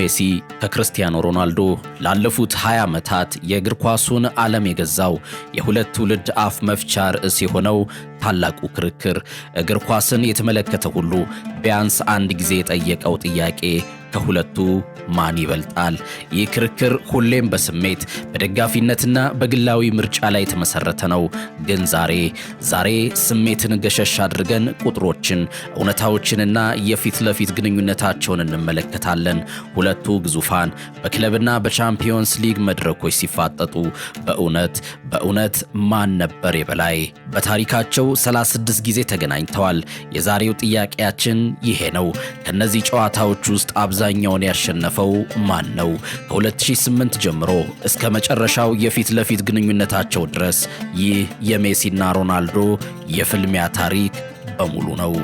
ሜሲ ከክርስቲያኖ ሮናልዶ ላለፉት 20 ዓመታት የእግር ኳሱን ዓለም የገዛው የሁለት ትውልድ አፍ መፍቻ ርዕስ የሆነው ታላቁ ክርክር እግር ኳስን የተመለከተ ሁሉ ቢያንስ አንድ ጊዜ የጠየቀው ጥያቄ ከሁለቱ ማን ይበልጣል? ይህ ክርክር ሁሌም በስሜት በደጋፊነትና በግላዊ ምርጫ ላይ የተመሰረተ ነው። ግን ዛሬ ዛሬ ስሜትን ገሸሽ አድርገን ቁጥሮችን፣ እውነታዎችንና የፊት ለፊት ግንኙነታቸውን እንመለከታለን። ሁለቱ ግዙፋን በክለብና በቻምፒዮንስ ሊግ መድረኮች ሲፋጠጡ በእውነት በእውነት ማን ነበር የበላይ? በታሪካቸው 36 ጊዜ ተገናኝተዋል። የዛሬው ጥያቄያችን ይሄ ነው። ከነዚህ ጨዋታዎች ውስጥ አብዛ አብዛኛውን ያሸነፈው ማን ነው? ከ2008 ጀምሮ እስከ መጨረሻው የፊት ለፊት ግንኙነታቸው ድረስ ይህ የሜሲና ሮናልዶ የፍልሚያ ታሪክ በሙሉ ነው።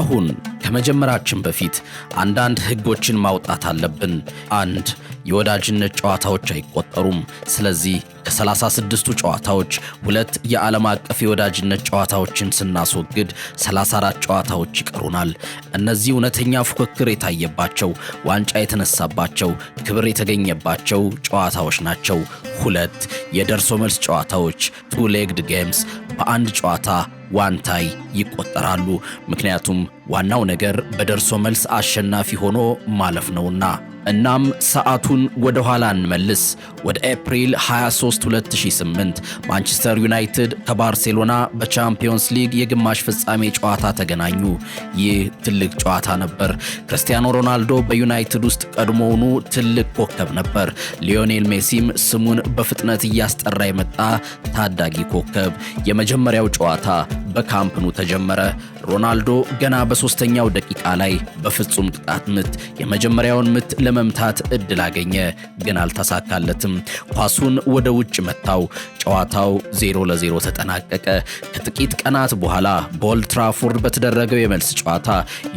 አሁን ከመጀመራችን በፊት አንዳንድ ህጎችን ማውጣት አለብን። አንድ የወዳጅነት ጨዋታዎች አይቆጠሩም። ስለዚህ ከ36ቱ ጨዋታዎች ሁለት የዓለም አቀፍ የወዳጅነት ጨዋታዎችን ስናስወግድ 34 ጨዋታዎች ይቀሩናል። እነዚህ እውነተኛ ፉክክር የታየባቸው፣ ዋንጫ የተነሳባቸው፣ ክብር የተገኘባቸው ጨዋታዎች ናቸው። ሁለት የደርሶ መልስ ጨዋታዎች ቱ ሌግድ ጌምስ በአንድ ጨዋታ ዋንታይ ይቆጠራሉ። ምክንያቱም ዋናው ነገር በደርሶ መልስ አሸናፊ ሆኖ ማለፍ ነውና። እናም ሰዓቱን ወደ ኋላ እንመልስ ወደ ኤፕሪል 23 2008 ማንቸስተር ዩናይትድ ከባርሴሎና በቻምፒዮንስ ሊግ የግማሽ ፍጻሜ ጨዋታ ተገናኙ። ይህ ትልቅ ጨዋታ ነበር። ክርስቲያኖ ሮናልዶ በዩናይትድ ውስጥ ቀድሞውኑ ትልቅ ኮከብ ነበር። ሊዮኔል ሜሲም ስሙን በፍጥነት እያስጠራ የመጣ ታዳጊ ኮከብ። የመጀመሪያው ጨዋታ በካምፕኑ ተጀመረ። ሮናልዶ ገና በሶስተኛው ደቂቃ ላይ በፍጹም ቅጣት ምት የመጀመሪያውን ምት ለመምታት እድል አገኘ፣ ግን አልተሳካለትም። ኳሱን ወደ ውጭ መታው። ጨዋታው 0 ለ0 ተጠናቀቀ። ከጥቂት ቀናት በኋላ በኦልድ ትራፎርድ በተደረገው የመልስ ጨዋታ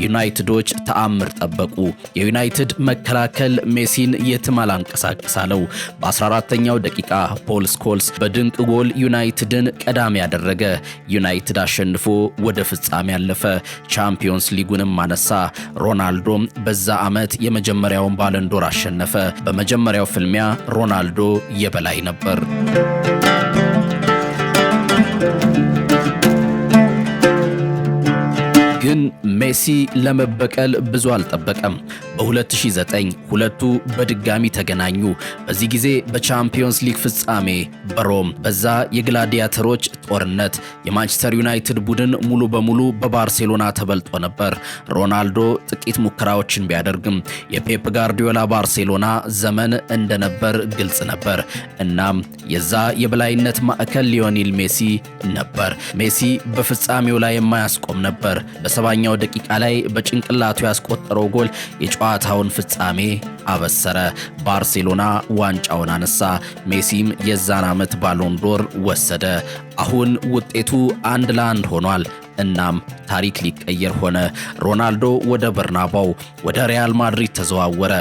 ዩናይትዶች ተአምር ጠበቁ። የዩናይትድ መከላከል ሜሲን የትም አላንቀሳቀስ አለው። በ14ተኛው ደቂቃ ፖል ስኮልስ በድንቅ ጎል ዩናይትድን ቀዳሚ ያደረገ። ዩናይትድ አሸንፎ ወደ ፍጻሜ ያለፈ ቻምፒዮንስ ሊጉንም አነሳ። ሮናልዶ በዛ ዓመት የመጀመሪያውን ባለንዶር አሸነፈ። በመጀመሪያው ፍልሚያ ሮናልዶ የበላይ ነበር። ግን ሜሲ ለመበቀል ብዙ አልጠበቀም። በ2009 ሁለቱ በድጋሚ ተገናኙ። በዚህ ጊዜ በቻምፒዮንስ ሊግ ፍጻሜ በሮም በዛ የግላዲያተሮች ጦርነት የማንቸስተር ዩናይትድ ቡድን ሙሉ በሙሉ በባርሴሎና ተበልጦ ነበር። ሮናልዶ ጥቂት ሙከራዎችን ቢያደርግም የፔፕ ጋርዲዮላ ባርሴሎና ዘመን እንደነበር ግልጽ ነበር። እናም የዛ የበላይነት ማዕከል ሊዮኔል ሜሲ ነበር። ሜሲ በፍጻሜው ላይ የማያስቆም ነበር። በሰባኛው ደቂቃ ላይ በጭንቅላቱ ያስቆጠረው ጎል የጨዋ የጨዋታውን ፍጻሜ አበሰረ። ባርሴሎና ዋንጫውን አነሳ። ሜሲም የዛን ዓመት ባሎንዶር ወሰደ። አሁን ውጤቱ አንድ ለአንድ ሆኗል። እናም ታሪክ ሊቀየር ሆነ። ሮናልዶ ወደ በርናባው ወደ ሪያል ማድሪድ ተዘዋወረ።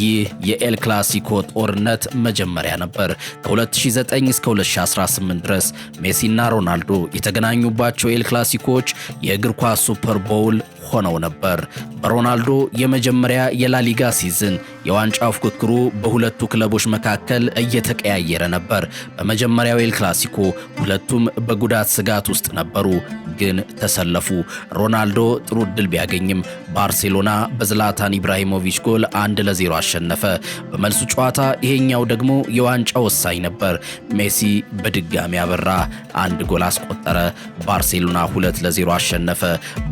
ይህ የኤል ክላሲኮ ጦርነት መጀመሪያ ነበር። ከ2009 እስከ 2018 ድረስ ሜሲና ሮናልዶ የተገናኙባቸው ኤል ክላሲኮዎች የእግር ኳስ ሱፐር ቦውል ሆነው ነበር። በሮናልዶ የመጀመሪያ የላሊጋ ሲዝን የዋንጫ ፉክክሩ በሁለቱ ክለቦች መካከል እየተቀያየረ ነበር። በመጀመሪያው ኤል ክላሲኮ ሁለቱም በጉዳት ስጋት ውስጥ ነበሩ፣ ግን ተሰለፉ። ሮናልዶ ጥሩ እድል ቢያገኝም ባርሴሎና በዝላታን ኢብራሂሞቪች ጎል አንድ ለዜሮ አሸነፈ። በመልሱ ጨዋታ ይሄኛው ደግሞ የዋንጫ ወሳኝ ነበር። ሜሲ በድጋሚ አበራ፣ አንድ ጎል አስቆጠረ። ባርሴሎና ሁለት ለዜሮ አሸነፈ።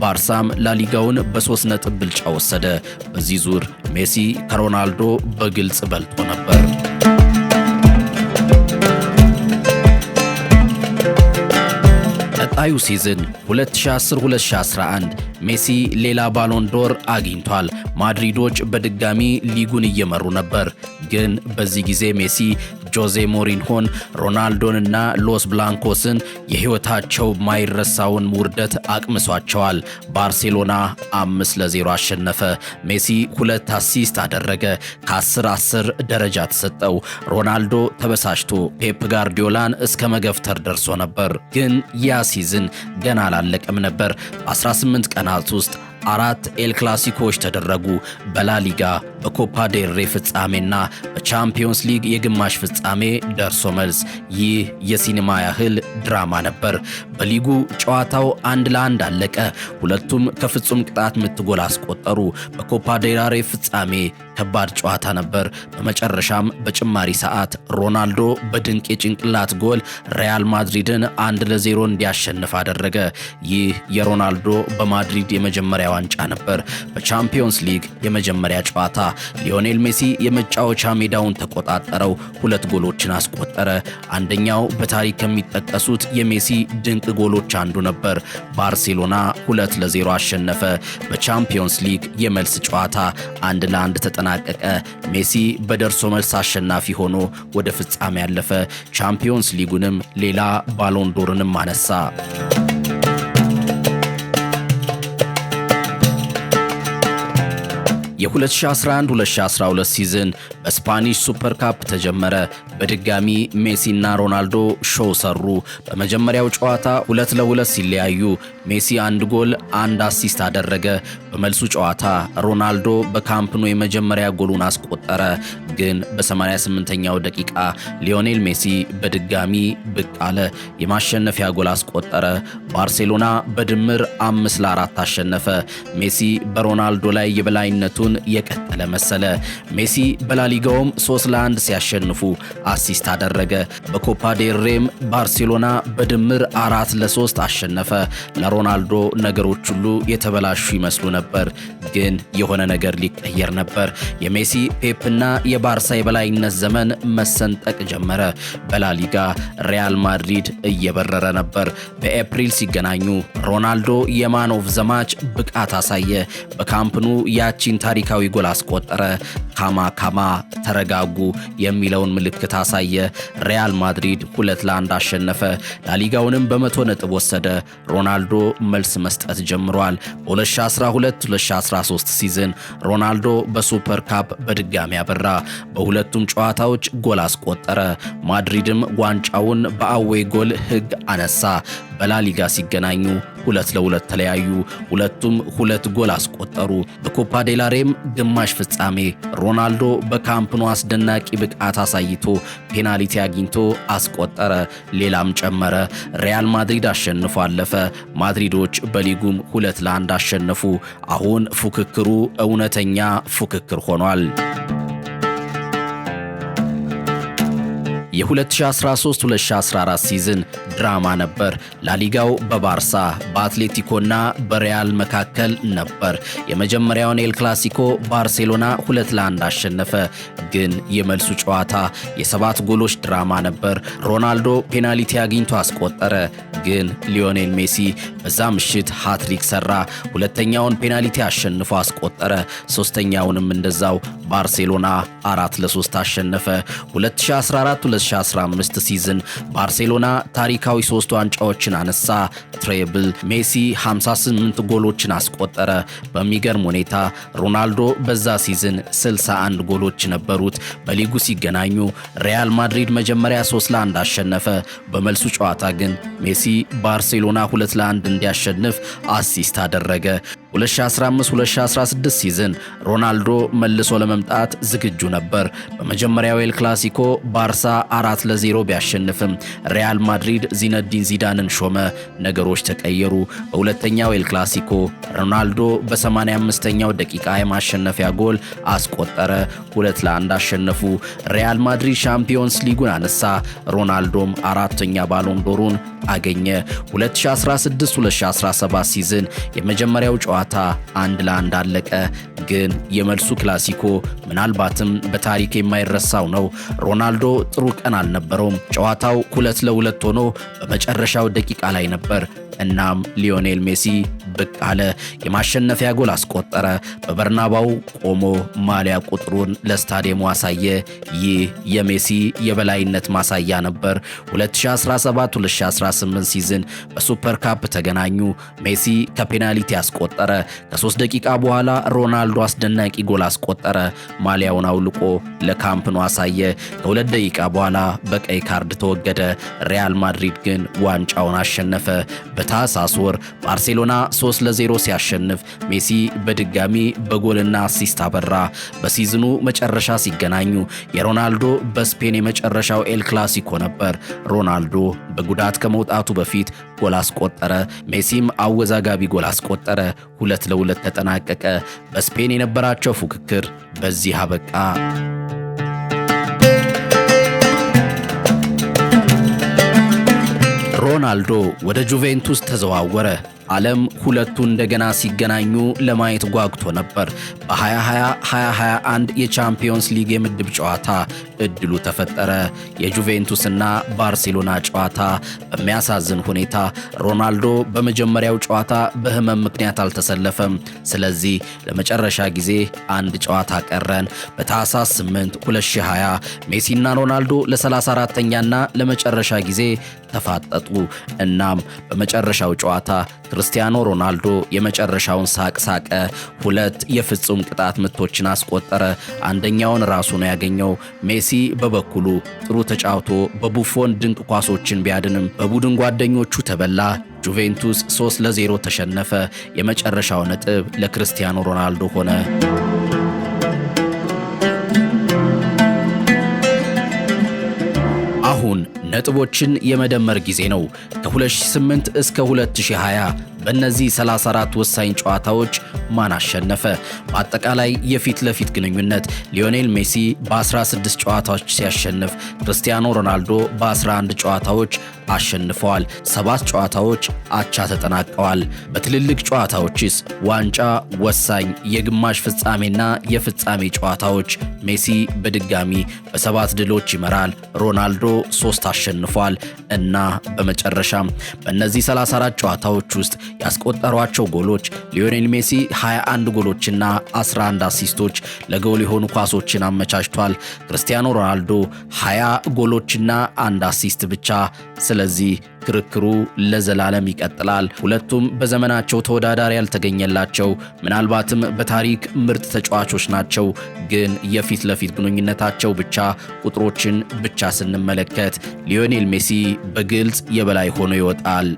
ባርሳም ላሊ ላሊጋውን በሶስት ነጥብ ብልጫ ወሰደ። በዚህ ዙር ሜሲ ከሮናልዶ በግልጽ በልጦ ነበር። ቀጣዩ ሲዝን 2010-2011 ሜሲ ሌላ ባሎን ዶር አግኝቷል። ማድሪዶች በድጋሚ ሊጉን እየመሩ ነበር። ግን በዚህ ጊዜ ሜሲ ጆዜ ሞሪንሆን ሮናልዶንና ሎስ ብላንኮስን የሕይወታቸው ማይረሳውን ውርደት አቅምሷቸዋል። ባርሴሎና ለ ለዜሮ አሸነፈ። ሜሲ ሁለት አሲስት አደረገ። 10 አስር ደረጃ ተሰጠው። ሮናልዶ ተበሳጭቶ ፔፕ ጋርዲዮላን እስከ መገፍተር ደርሶ ነበር። ግን ያ ሲዝን ገና አላለቀም ነበር። በ18 ቀናት ውስጥ አራት ኤል ክላሲኮዎች ተደረጉ። በላሊጋ በኮፓ ዴሬ ፍጻሜና በቻምፒዮንስ ሊግ የግማሽ ፍጻሜ ደርሶ መልስ። ይህ የሲኒማ ያህል ድራማ ነበር። በሊጉ ጨዋታው አንድ ለአንድ አለቀ። ሁለቱም ከፍጹም ቅጣት ምት ጎል አስቆጠሩ። በኮፓ ዴራሬ ፍጻሜ ከባድ ጨዋታ ነበር። በመጨረሻም በጭማሪ ሰዓት ሮናልዶ በድንቅ የጭንቅላት ጎል ሪያል ማድሪድን አንድ ለዜሮ እንዲያሸንፍ አደረገ። ይህ የሮናልዶ በማድሪድ የመጀመሪያ ዋንጫ ነበር። በቻምፒዮንስ ሊግ የመጀመሪያ ጨዋታ ሊዮኔል ሜሲ የመጫወቻ ሜዳውን ተቆጣጠረው፣ ሁለት ጎሎችን አስቆጠረ። አንደኛው በታሪክ ከሚጠቀሱት የሜሲ ድንቅ ጎሎች አንዱ ነበር። ባርሴሎና ሁለት ለዜሮ አሸነፈ። በቻምፒዮንስ ሊግ የመልስ ጨዋታ አንድ ለአንድ ተጠ ተጠናቀቀ። ሜሲ በደርሶ መልስ አሸናፊ ሆኖ ወደ ፍጻሜ ያለፈ፣ ቻምፒዮንስ ሊጉንም ሌላ ባሎንዶርንም አነሳ። የ2011-2012 ሲዝን በስፓኒሽ ሱፐር ካፕ ተጀመረ። በድጋሚ ሜሲና ሮናልዶ ሾው ሰሩ። በመጀመሪያው ጨዋታ ሁለት ለሁለት ሲለያዩ ሜሲ አንድ ጎል አንድ አሲስት አደረገ። በመልሱ ጨዋታ ሮናልዶ በካምፕኖ የመጀመሪያ ጎሉን አስቆጠረ። ግን በ88ኛው ደቂቃ ሊዮኔል ሜሲ በድጋሚ ብቅ አለ፣ የማሸነፊያ ጎል አስቆጠረ። ባርሴሎና በድምር አምስት ለአራት አሸነፈ። ሜሲ በሮናልዶ ላይ የበላይነቱን የቀጠለ መሰለ። ሜሲ በላሊጋውም 3 ለአንድ ሲያሸንፉ አሲስት አደረገ። በኮፓ ዴሬም ባርሴሎና በድምር አራት ለሶስት አሸነፈ። ለሮናልዶ ነገሮች ሁሉ የተበላሹ ይመስሉ ነበር፣ ግን የሆነ ነገር ሊቀየር ነበር። የሜሲ ፔፕና የባርሳ የበላይነት ዘመን መሰንጠቅ ጀመረ። በላሊጋ ሪያል ማድሪድ እየበረረ ነበር። በኤፕሪል ሲገናኙ ሮናልዶ የማን ኦፍ ዘማች ብቃት አሳየ። በካምፕኑ ያቺን ታሪካዊ ጎል አስቆጠረ። ካማ ካማ ተረጋጉ የሚለውን ምልክት ውጤት አሳየ። ሪያል ማድሪድ ሁለት ለአንድ አሸነፈ። ላሊጋውንም በመቶ ነጥብ ወሰደ። ሮናልዶ መልስ መስጠት ጀምሯል። በ2012-2013 ሲዝን ሮናልዶ በሱፐር ካፕ በድጋሚ አበራ። በሁለቱም ጨዋታዎች ጎል አስቆጠረ። ማድሪድም ዋንጫውን በአዌ ጎል ህግ አነሳ። በላሊጋ ሲገናኙ ሁለት ለሁለት ተለያዩ። ሁለቱም ሁለት ጎል አስቆጠሩ። በኮፓ ዴላሬም ግማሽ ፍጻሜ ሮናልዶ በካምፕኖ አስደናቂ ብቃት አሳይቶ ፔናልቲ አግኝቶ አስቆጠረ፣ ሌላም ጨመረ። ሪያል ማድሪድ አሸንፎ አለፈ። ማድሪዶች በሊጉም ሁለት ለአንድ አሸነፉ። አሁን ፉክክሩ እውነተኛ ፉክክር ሆኗል። የ2013-2014 ሲዝን ድራማ ነበር። ላሊጋው በባርሳ በአትሌቲኮና በሪያል መካከል ነበር። የመጀመሪያውን ኤል ክላሲኮ ባርሴሎና ሁለት ለአንድ አሸነፈ። ግን የመልሱ ጨዋታ የሰባት ጎሎች ድራማ ነበር። ሮናልዶ ፔናልቲ አግኝቶ አስቆጠረ። ግን ሊዮኔል ሜሲ በዛ ምሽት ሃትሪክ ሰራ። ሁለተኛውን ፔናልቲ አሸንፎ አስቆጠረ። ሶስተኛውንም እንደዛው። ባርሴሎና አራት ለሶስት አሸነፈ። 2014 2015 ሲዝን ባርሴሎና ታሪካዊ ሶስት ዋንጫዎችን አነሳ። ትሬብል ሜሲ 58 ጎሎችን አስቆጠረ። በሚገርም ሁኔታ ሮናልዶ በዛ ሲዝን 61 ጎሎች ነበሩት። በሊጉ ሲገናኙ ሪያል ማድሪድ መጀመሪያ 3 ለ1 አሸነፈ። በመልሱ ጨዋታ ግን ሜሲ ባርሴሎና 2 ለ1 እንዲያሸንፍ አሲስት አደረገ። 2015-2016 ሲዝን ሮናልዶ መልሶ ለመምጣት ዝግጁ ነበር። በመጀመሪያው ኤል ክላሲኮ ባርሳ 4 ለ0 ቢያሸንፍም ሪያል ማድሪድ ዚነዲን ዚዳንን ሾመ። ነገሮች ተቀየሩ። በሁለተኛው ኤል ክላሲኮ ሮናልዶ በ85ኛው ደቂቃ የማሸነፊያ ጎል አስቆጠረ። 2 ለ1 አሸነፉ። ሪያል ማድሪድ ሻምፒዮንስ ሊጉን አነሳ። ሮናልዶም አራተኛ ባሎንዶሩን አገኘ። 2016-2017 ሲዝን የመጀመሪያው ጨዋ ጨዋታ አንድ ለአንድ አለቀ። ግን የመልሱ ክላሲኮ ምናልባትም በታሪክ የማይረሳው ነው። ሮናልዶ ጥሩ ቀን አልነበረውም። ጨዋታው ሁለት ለሁለት ሆኖ በመጨረሻው ደቂቃ ላይ ነበር። እናም ሊዮኔል ሜሲ ብቅ አለ። የማሸነፊያ ጎል አስቆጠረ። በበርናባው ቆሞ ማሊያ ቁጥሩን ለስታዲየሙ አሳየ። ይህ የሜሲ የበላይነት ማሳያ ነበር። 2017-2018 ሲዝን በሱፐር ካፕ ተገናኙ። ሜሲ ከፔናልቲ አስቆጠረ። ከሶስት ደቂቃ በኋላ ሮናልዶ አስደናቂ ጎል አስቆጠረ። ማሊያውን አውልቆ ለካምፕ ነው አሳየ። ከሁለት ደቂቃ በኋላ በቀይ ካርድ ተወገደ። ሪያል ማድሪድ ግን ዋንጫውን አሸነፈ። በታህሳስ ወር ባርሴሎና 3 ለ0 ሲያሸንፍ ሜሲ በድጋሚ በጎልና አሲስት አበራ። በሲዝኑ መጨረሻ ሲገናኙ የሮናልዶ በስፔን የመጨረሻው ኤል ክላሲኮ ነበር። ሮናልዶ በጉዳት ከመውጣቱ በፊት ጎል አስቆጠረ። ሜሲም አወዛጋቢ ጎል አስቆጠረ። ሁለት ለሁለት ተጠናቀቀ። በስፔን የነበራቸው ፉክክር በዚህ አበቃ። ሮናልዶ ወደ ጁቬንቱስ ተዘዋወረ። ዓለም ሁለቱ እንደገና ሲገናኙ ለማየት ጓጉቶ ነበር። በ2020 2021 የቻምፒዮንስ ሊግ የምድብ ጨዋታ እድሉ ተፈጠረ። የጁቬንቱስና ባርሴሎና ጨዋታ በሚያሳዝን ሁኔታ ሮናልዶ በመጀመሪያው ጨዋታ በህመም ምክንያት አልተሰለፈም። ስለዚህ ለመጨረሻ ጊዜ አንድ ጨዋታ ቀረን። በታህሳስ 8 2020 ሜሲና ሮናልዶ ለ34ኛና ለመጨረሻ ጊዜ ተፋጠጡ። እናም በመጨረሻው ጨዋታ ክርስቲያኖ ሮናልዶ የመጨረሻውን ሳቅ ሳቀ። ሁለት የፍጹም ቅጣት ምቶችን አስቆጠረ። አንደኛውን ራሱ ነው ያገኘው። ሜሲ በበኩሉ ጥሩ ተጫውቶ በቡፎን ድንቅ ኳሶችን ቢያድንም በቡድን ጓደኞቹ ተበላ። ጁቬንቱስ 3 ለዜሮ ተሸነፈ። የመጨረሻው ነጥብ ለክርስቲያኖ ሮናልዶ ሆነ። ነጥቦችን የመደመር ጊዜ ነው ከ2008 እስከ 2020 በእነዚህ 34 ወሳኝ ጨዋታዎች ማን አሸነፈ? በአጠቃላይ የፊት ለፊት ግንኙነት ሊዮኔል ሜሲ በ16 ጨዋታዎች ሲያሸንፍ ክርስቲያኖ ሮናልዶ በ11 ጨዋታዎች አሸንፈዋል። ሰባት ጨዋታዎች አቻ ተጠናቀዋል። በትልልቅ ጨዋታዎችስ ዋንጫ፣ ወሳኝ የግማሽ ፍጻሜና የፍጻሜ ጨዋታዎች ሜሲ በድጋሚ በሰባት ድሎች ይመራል። ሮናልዶ ሶስት አሸንፏል እና በመጨረሻም በእነዚህ 34 ጨዋታዎች ውስጥ ያስቆጠሯቸው ጎሎች ሊዮኔል ሜሲ 21 ጎሎችና 11 አሲስቶች ለጎል የሆኑ ኳሶችን አመቻችቷል። ክርስቲያኖ ሮናልዶ 20 ጎሎችና አንድ አሲስት ብቻ። ስለዚህ ክርክሩ ለዘላለም ይቀጥላል። ሁለቱም በዘመናቸው ተወዳዳሪ ያልተገኘላቸው ምናልባትም በታሪክ ምርጥ ተጫዋቾች ናቸው። ግን የፊት ለፊት ግንኙነታቸው ብቻ ቁጥሮችን ብቻ ስንመለከት ሊዮኔል ሜሲ በግልጽ የበላይ ሆኖ ይወጣል።